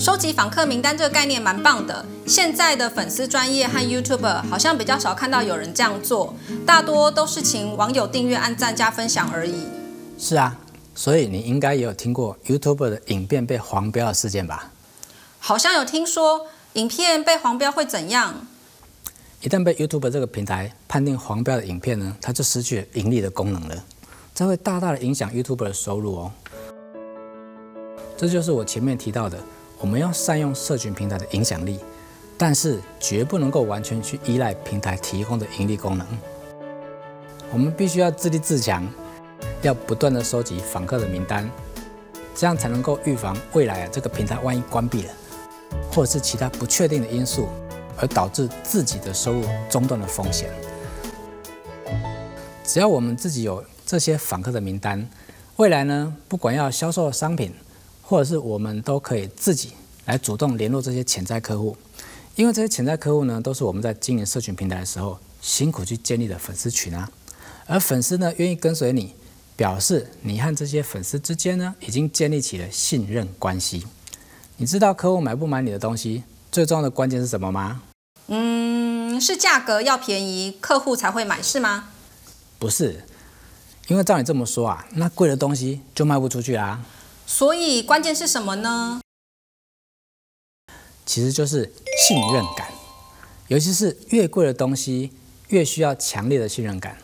收集訪客名單這個概念蠻棒的。現在的粉絲專頁和 YouTuber 好像比較少看到有人這樣做，大多都是請網友訂閱、按讚、加分享而已。是啊，所以你應該也有聽過 YouTuber 的影片被黃標的事件吧？好像有聽說影片被黃標會怎樣？一旦被 YouTuber 這個平台判定黃標的影片呢，它就失去盈利的功能了，這會大大的影響 YouTuber 的收入哦。這就是我前面提到的。我們要善用社群平台的影響力，但是絕不能夠完全去依賴平台提供的盈利功能。我們必須要自立自強，要不斷的收集訪客的名單，這樣才能夠預防未來啊，這個平台萬一關閉了，或者是其他不確定的因素，而導致自己的收入中斷的風險。只要我們自己有這些訪客的名單，未來呢，不管要銷售商品。或者是我們都可以自己來主動聯絡這些潛在客戶，因為這些潛在客戶呢，都是我們在經營社群平台的時候辛苦去建立的粉絲群啊。而粉絲呢，願意跟隨你，表示你和這些粉絲之間呢，已經建立起了信任關係。你知道客戶買不買你的東西，最重要的關鍵是什麼嗎？嗯，是價格要便宜，客戶才會買，是嗎？不是，因為照你這麼說啊，那貴的東西就賣不出去啊。所以關鍵是什麼呢？其實就是信任感，尤其是越貴的東西，越需要強烈的信任感。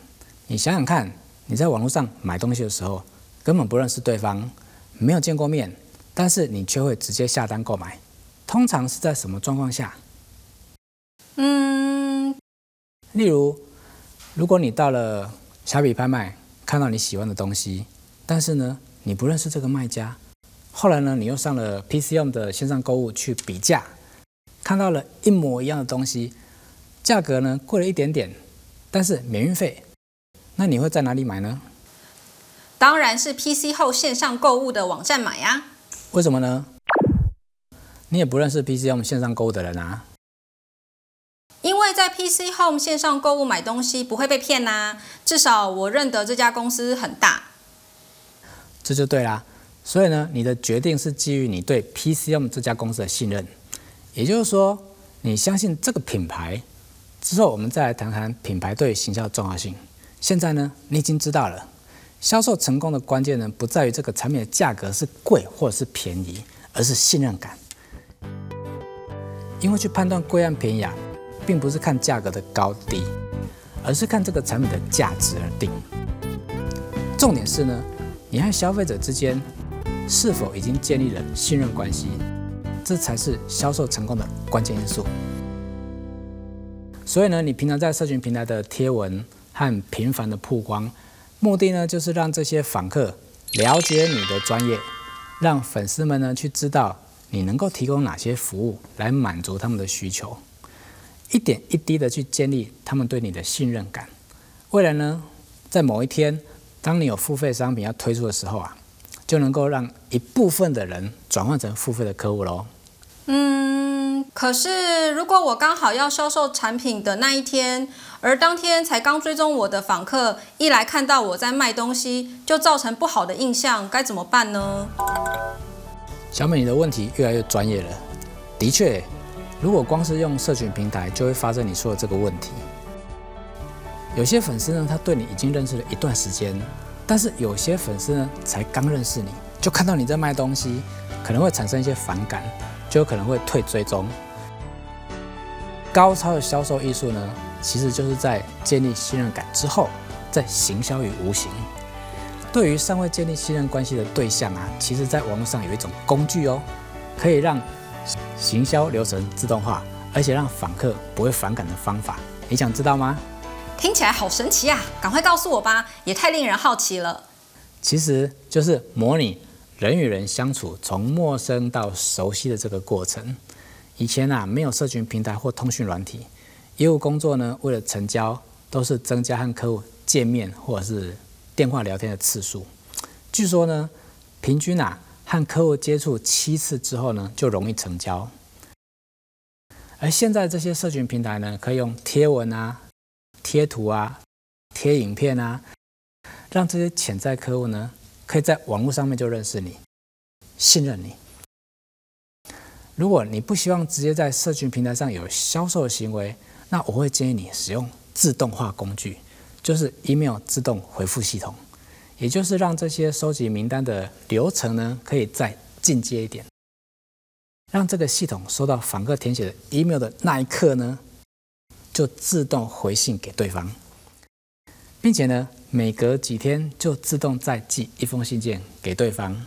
你想想看，你在網絡上買東西的時候，根本不認識對方，沒有見過面，但是你卻會直接下單購買，通常是在什麼狀況下？嗯，例如，如果你到了蝦皮拍賣，看到你喜歡的東西，但是呢？你不認識這個賣家，後來呢？你又上了 PC Home 的線上購物去比價，看到了一模一樣的東西，價格呢貴了一點點，但是免運費，那你會在哪裡買呢？當然是 PC Home 線上購物的網站買呀、啊。為什麼呢？你也不認識 PC Home 線上購物的人啊。因為在 PC Home 線上購物買東西不會被騙啊。至少我認得這家公司很大。這就對啦，所以呢，你的決定是基於你對 PCM 這家公司的信任，也就是說，你相信這個品牌。之後我們再來談談品牌對於行銷的重要性。現在呢，你已經知道了，銷售成功的關鍵呢，不在於這個產品的價格是貴或者是便宜，而是信任感。因為去判斷貴或便宜啊，並不是看價格的高低，而是看這個產品的價值而定。重點是呢。你和消費者之間是否已經建立了信任關係？這才是銷售成功的關鍵因素。所以呢，你平常在社群平台的貼文和頻繁的曝光，目的呢就是讓這些訪客了解你的專業，讓粉絲們呢去知道你能夠提供哪些服務來滿足他們的需求，一點一滴的去建立他們對你的信任感。未來呢，在某一天，當你有付費商品要推出的時候啊，就能夠讓一部分的人轉換成付費的客戶嘍。嗯，可是如果我剛好要銷售產品的那一天，而當天才剛追蹤我的訪客，一來看到我在賣東西，就造成不好的印象，該怎麼辦呢？小美，你的問題越來越專業了。的確，如果光是用社群平台，就會發生你說的這個問題。有些粉絲呢，他對你已經認識了一段時間，但是有些粉絲呢，才剛認識你就看到你在賣東西，可能會產生一些反感，就有可能會退追蹤。高超的銷售藝術呢，其實就是在建立信任感之後，再行銷於無形。對於尚未建立信任關係的對象啊，其實在網絡上有一種工具哦，可以讓行銷流程自動化，而且讓訪客不會反感的方法，你想知道嗎？聽起來好神奇啊！趕快告訴我吧，也太令人好奇了。其實就是模擬人與人相處從陌生到熟悉的這個過程。以前啊，沒有社群平台或通訊軟體，業務工作呢，為了成交，都是增加和客戶見面或者是電話聊天的次數。據說呢，平均啊，和客戶接觸七次之後呢，就容易成交。而現在這些社群平台呢，可以用貼文啊。貼圖啊，貼影片啊，讓這些潛在客戶呢，可以在網絡上面就認識你，信任你。如果你不希望直接在社群平台上有銷售的行為，那我會建議你使用自動化工具，就是 email 自動回復系統，也就是讓這些收集名單的流程呢，可以再進階一點，讓這個系統收到訪客填寫的 email 的那一刻呢。就自動回信給對方，並且呢，每隔幾天就自動再寄一封信件給對方。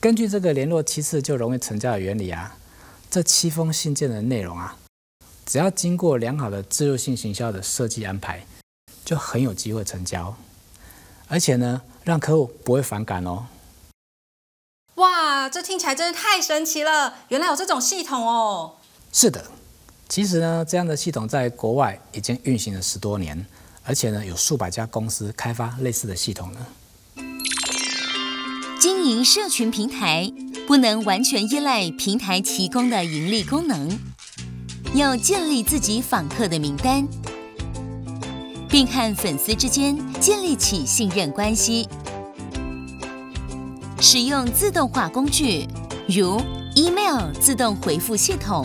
根據這個聯絡七次就容易成交的原理啊，這七封信件的內容啊，只要經過良好的自助性行銷的設計安排，就很有機會成交，而且呢，讓客戶不會反感哦。哇，這聽起來真是太神奇了！原來有這種系統哦。是的。其實呢，這樣的系統在國外已經運行了十多年，而且呢，有數百家公司開發類似的系統呢。經營社群平台不能完全依賴平台提供的盈利功能，要建立自己訪客的名單，並和粉絲之間建立起信任關係。使用自動化工具，如 Email 自動回復系統。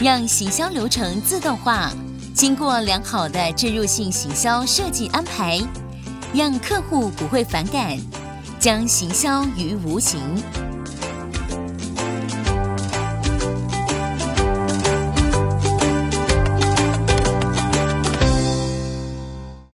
讓行銷流程自動化，經過良好的置入性行銷設計安排，讓客戶不會反感，將行銷於無形。